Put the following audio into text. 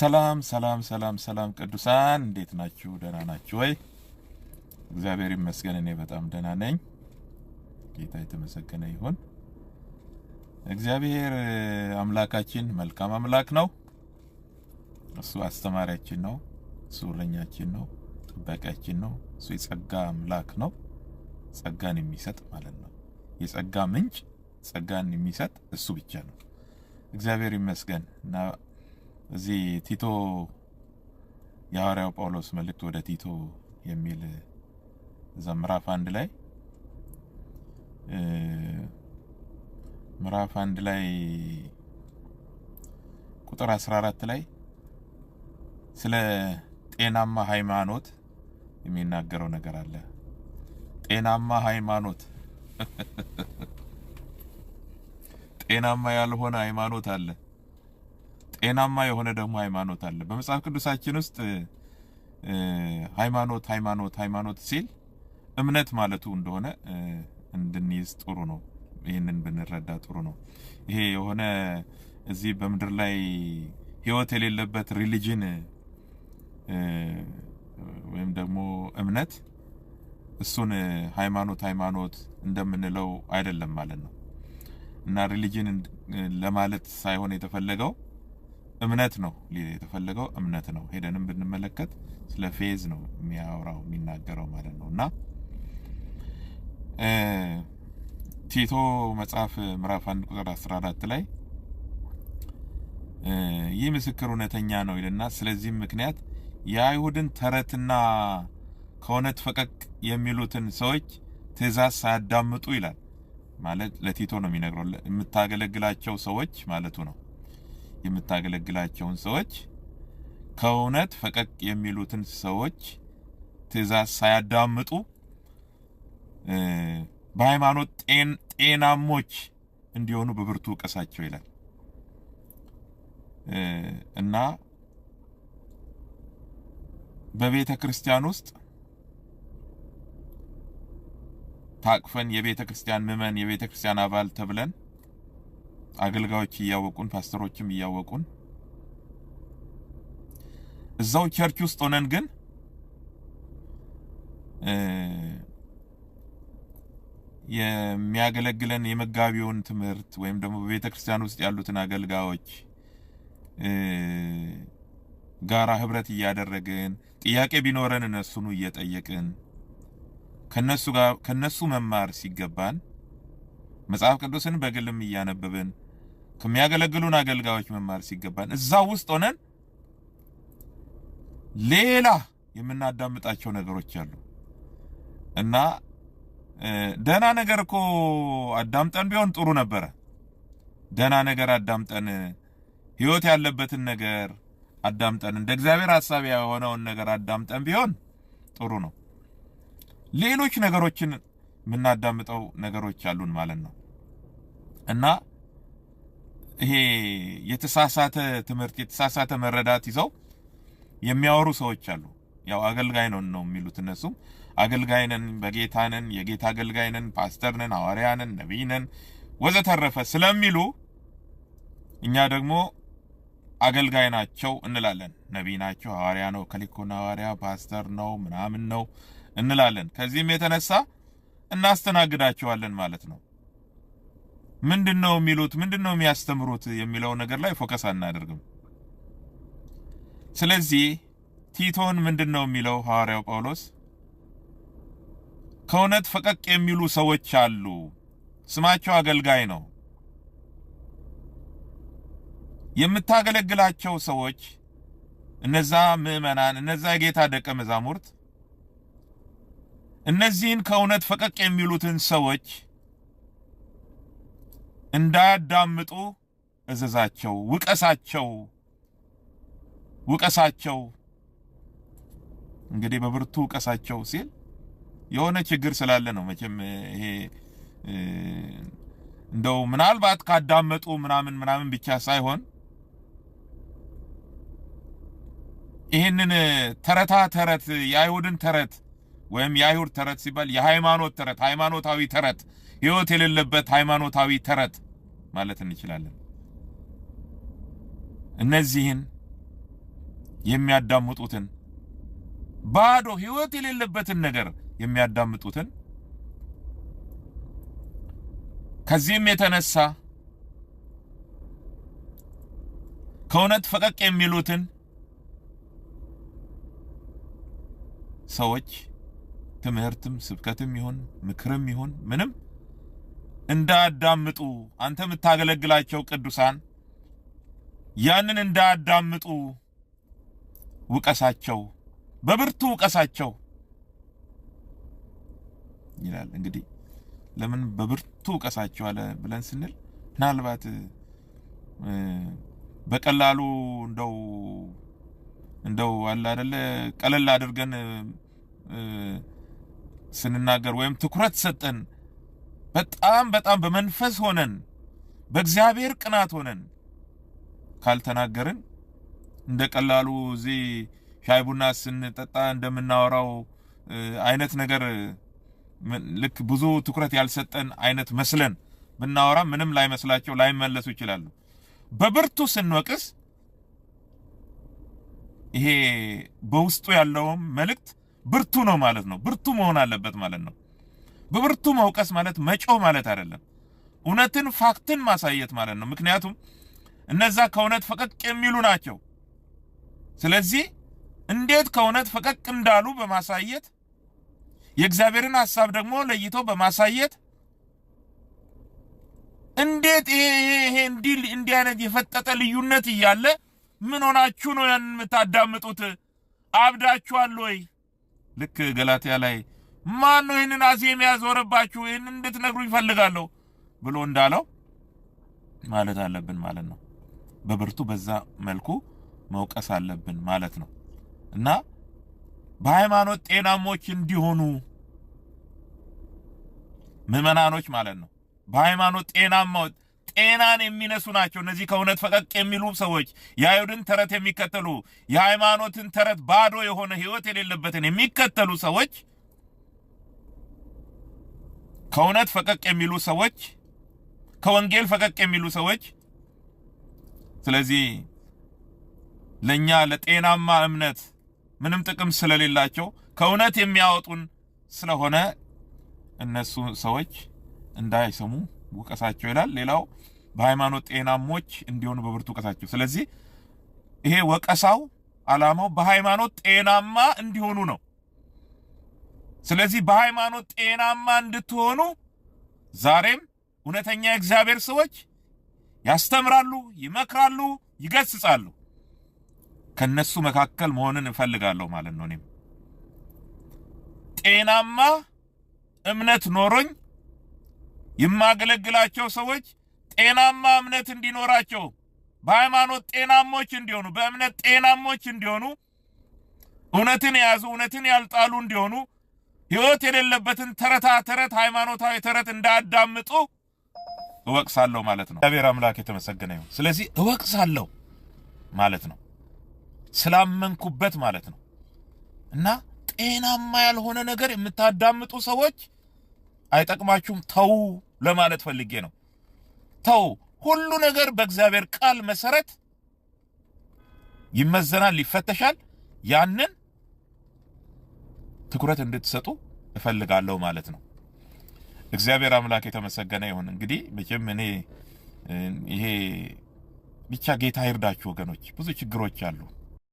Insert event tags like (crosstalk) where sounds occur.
ሰላም ሰላም ሰላም ሰላም ቅዱሳን እንዴት ናችሁ? ደህና ናችሁ ወይ? እግዚአብሔር ይመስገን እኔ በጣም ደህና ነኝ። ጌታ የተመሰገነ ይሁን። እግዚአብሔር አምላካችን መልካም አምላክ ነው። እሱ አስተማሪያችን ነው። እሱ እረኛችን ነው፣ ጠባቂያችን ነው። እሱ የጸጋ አምላክ ነው። ጸጋን የሚሰጥ ማለት ነው። የጸጋ ምንጭ ጸጋን የሚሰጥ እሱ ብቻ ነው። እግዚአብሔር ይመስገን እና እዚህ ቲቶ የሐዋርያው ጳውሎስ መልእክት ወደ ቲቶ የሚል እዛ ምዕራፍ አንድ ላይ ምዕራፍ አንድ ላይ ቁጥር 14 ላይ ስለ ጤናማ ሃይማኖት የሚናገረው ነገር አለ። ጤናማ ሃይማኖት (laughs) ጤናማ ያልሆነ ሃይማኖት አለ። ጤናማ የሆነ ደግሞ ሃይማኖት አለ። በመጽሐፍ ቅዱሳችን ውስጥ ሃይማኖት ሃይማኖት ሃይማኖት ሲል እምነት ማለቱ እንደሆነ እንድንይዝ ጥሩ ነው። ይህንን ብንረዳ ጥሩ ነው። ይሄ የሆነ እዚህ በምድር ላይ ህይወት የሌለበት ሪሊጅን ወይም ደግሞ እምነት እሱን ሃይማኖት ሃይማኖት እንደምንለው አይደለም ማለት ነው እና ሪሊጅን ለማለት ሳይሆን የተፈለገው እምነት ነው የተፈለገው እምነት ነው። ሄደንም ብንመለከት ስለ ፌዝ ነው የሚያወራው የሚናገረው ማለት ነው እና ቲቶ መጽሐፍ ምዕራፍ አንድ ቁጥር 14 ላይ ይህ ምስክር እውነተኛ ነው ይልና ስለዚህም ምክንያት የአይሁድን ተረትና ከእውነት ፈቀቅ የሚሉትን ሰዎች ትእዛዝ ሳያዳምጡ ይላል ማለት ለቲቶ ነው የሚነግረው የምታገለግላቸው ሰዎች ማለቱ ነው የምታገለግላቸውን ሰዎች ከእውነት ፈቀቅ የሚሉትን ሰዎች ትእዛዝ ሳያዳምጡ በሃይማኖት ጤናሞች እንዲሆኑ በብርቱ እቀሳቸው ይላል እና በቤተ ክርስቲያን ውስጥ ታቅፈን የቤተ ክርስቲያን ምመን የቤተ ክርስቲያን አባል ተብለን አገልጋዮች እያወቁን ፓስተሮችም እያወቁን እዛው ቸርች ውስጥ ሆነን ግን የሚያገለግለን የመጋቢውን ትምህርት ወይም ደግሞ በቤተ ክርስቲያን ውስጥ ያሉትን አገልጋዮች ጋራ ህብረት እያደረግን ጥያቄ ቢኖረን እነሱኑ እየጠየቅን ከነሱ ጋር ከነሱ መማር ሲገባን መጽሐፍ ቅዱስን በግልም እያነበብን ከሚያገለግሉን አገልጋዮች መማር ሲገባን እዛ ውስጥ ሆነን ሌላ የምናዳምጣቸው ነገሮች አሉ እና ደህና ነገር እኮ አዳምጠን ቢሆን ጥሩ ነበረ። ደህና ነገር አዳምጠን ህይወት ያለበትን ነገር አዳምጠን እንደ እግዚአብሔር ሐሳብ የሆነውን ነገር አዳምጠን ቢሆን ጥሩ ነው። ሌሎች ነገሮችን የምናዳምጠው ነገሮች አሉን ማለት ነው እና ይሄ የተሳሳተ ትምህርት የተሳሳተ መረዳት ይዘው የሚያወሩ ሰዎች አሉ። ያው አገልጋይ ነው ነው የሚሉት እነሱም አገልጋይ ነን፣ በጌታ ነን፣ የጌታ አገልጋይ ነን፣ ፓስተር ነን፣ ሐዋርያ ነን፣ ነቢይ ነን ወዘተረፈ ስለሚሉ እኛ ደግሞ አገልጋይ ናቸው እንላለን። ነቢይ ናቸው፣ ሐዋርያ ነው፣ ከሊኮን ሐዋርያ ፓስተር ነው ምናምን ነው እንላለን። ከዚህም የተነሳ እናስተናግዳቸዋለን ማለት ነው። ምንድን ነው የሚሉት፣ ምንድን ነው የሚያስተምሩት የሚለው ነገር ላይ ፎከስ አናደርግም። ስለዚህ ቲቶን ምንድን ነው የሚለው ሐዋርያው ጳውሎስ? ከእውነት ፈቀቅ የሚሉ ሰዎች አሉ፣ ስማቸው አገልጋይ ነው። የምታገለግላቸው ሰዎች እነዛ ምእመናን እነዛ የጌታ ደቀ መዛሙርት እነዚህን ከእውነት ፈቀቅ የሚሉትን ሰዎች እንዳያዳምጡ እዘዛቸው፣ ውቀሳቸው ውቀሳቸው እንግዲህ በብርቱ ውቀሳቸው ሲል የሆነ ችግር ስላለ ነው። መቼም ይሄ እንደው ምናልባት ካዳመጡ ምናምን ምናምን ብቻ ሳይሆን ይህንን ተረታ ተረት የአይሁድን ተረት ወይም የአይሁድ ተረት ሲባል የሃይማኖት ተረት፣ ሃይማኖታዊ ተረት፣ ህይወት የሌለበት ሃይማኖታዊ ተረት ማለት እንችላለን። እነዚህን የሚያዳምጡትን ባዶ ህይወት የሌለበትን ነገር የሚያዳምጡትን ከዚህም የተነሳ ከእውነት ፈቀቅ የሚሉትን ሰዎች ትምህርትም ስብከትም ይሁን ምክርም ይሁን ምንም እንዳያዳምጡ አንተ የምታገለግላቸው ቅዱሳን ያንን እንዳያዳምጡ ውቀሳቸው፣ በብርቱ ውቀሳቸው ይላል። እንግዲህ ለምን በብርቱ ውቀሳቸው አለ ብለን ስንል ምናልባት በቀላሉ እንደው እንደው አለ አይደለ ቀለል አድርገን ስንናገር ወይም ትኩረት ሰጠን፣ በጣም በጣም በመንፈስ ሆነን በእግዚአብሔር ቅናት ሆነን ካልተናገርን እንደ ቀላሉ እዚህ ሻይ ቡና ስንጠጣ እንደምናወራው አይነት ነገር ልክ ብዙ ትኩረት ያልሰጠን አይነት መስለን ብናወራ ምንም ላይመስላቸው ላይመለሱ ይችላሉ። በብርቱ ስንወቅስ ይሄ በውስጡ ያለውም መልእክት ብርቱ ነው ማለት ነው። ብርቱ መሆን አለበት ማለት ነው። በብርቱ መውቀስ ማለት መጮህ ማለት አይደለም። እውነትን ፋክትን ማሳየት ማለት ነው። ምክንያቱም እነዛ ከእውነት ፈቀቅ የሚሉ ናቸው። ስለዚህ እንዴት ከእውነት ፈቀቅ እንዳሉ በማሳየት የእግዚአብሔርን ሐሳብ ደግሞ ለይቶ በማሳየት እንዴት ይሄ ይሄ እንዲህ እንዲህ አይነት የፈጠጠ ልዩነት እያለ ምን ሆናችሁ ነው ያን የምታዳምጡት? አብዳችኋል ወይ? ልክ ገላትያ ላይ ማን ነው ይህንን አሴ የሚያዞርባችሁ ይህንን እንድትነግሩ ይፈልጋለሁ ብሎ እንዳለው ማለት አለብን ማለት ነው። በብርቱ በዛ መልኩ መውቀስ አለብን ማለት ነው እና በሃይማኖት ጤናሞች እንዲሆኑ ምዕመናኖች ማለት ነው በሃይማኖት ጤናማ ጤናን የሚነሱ ናቸው። እነዚህ ከእውነት ፈቀቅ የሚሉ ሰዎች የአይሁድን ተረት የሚከተሉ የሃይማኖትን ተረት ባዶ የሆነ ህይወት የሌለበትን የሚከተሉ ሰዎች ከእውነት ፈቀቅ የሚሉ ሰዎች ከወንጌል ፈቀቅ የሚሉ ሰዎች። ስለዚህ ለእኛ ለጤናማ እምነት ምንም ጥቅም ስለሌላቸው ከእውነት የሚያወጡን ስለሆነ እነሱ ሰዎች እንዳይሰሙ ውቀሳቸው ይላል። ሌላው በሃይማኖት ጤናሞች እንዲሆኑ በብርቱ ውቀሳቸው። ስለዚህ ይሄ ወቀሳው ዓላማው በሃይማኖት ጤናማ እንዲሆኑ ነው። ስለዚህ በሃይማኖት ጤናማ እንድትሆኑ ዛሬም እውነተኛ የእግዚአብሔር ሰዎች ያስተምራሉ፣ ይመክራሉ፣ ይገስጻሉ። ከነሱ መካከል መሆንን እንፈልጋለሁ ማለት ነው። እኔም ጤናማ እምነት ኖሮኝ የማገለግላቸው ሰዎች ጤናማ እምነት እንዲኖራቸው በሃይማኖት ጤናሞች እንዲሆኑ፣ በእምነት ጤናሞች እንዲሆኑ፣ እውነትን የያዙ እውነትን ያልጣሉ እንዲሆኑ፣ ሕይወት የሌለበትን ተረታ ተረት ሃይማኖታዊ ተረት እንዳያዳምጡ እወቅሳለሁ ማለት ነው። እግዚአብሔር አምላክ የተመሰገነ ይሁን። ስለዚህ እወቅሳለሁ ማለት ነው፣ ስላመንኩበት ማለት ነው። እና ጤናማ ያልሆነ ነገር የምታዳምጡ ሰዎች አይጠቅማችሁም፣ ተው ለማለት ፈልጌ ነው። ተው ሁሉ ነገር በእግዚአብሔር ቃል መሰረት ይመዘናል፣ ይፈተሻል። ያንን ትኩረት እንድትሰጡ እፈልጋለሁ ማለት ነው። እግዚአብሔር አምላክ የተመሰገነ ይሁን። እንግዲህ መቼም እኔ ይሄ ብቻ ጌታ ይርዳችሁ ወገኖች፣ ብዙ ችግሮች አሉ።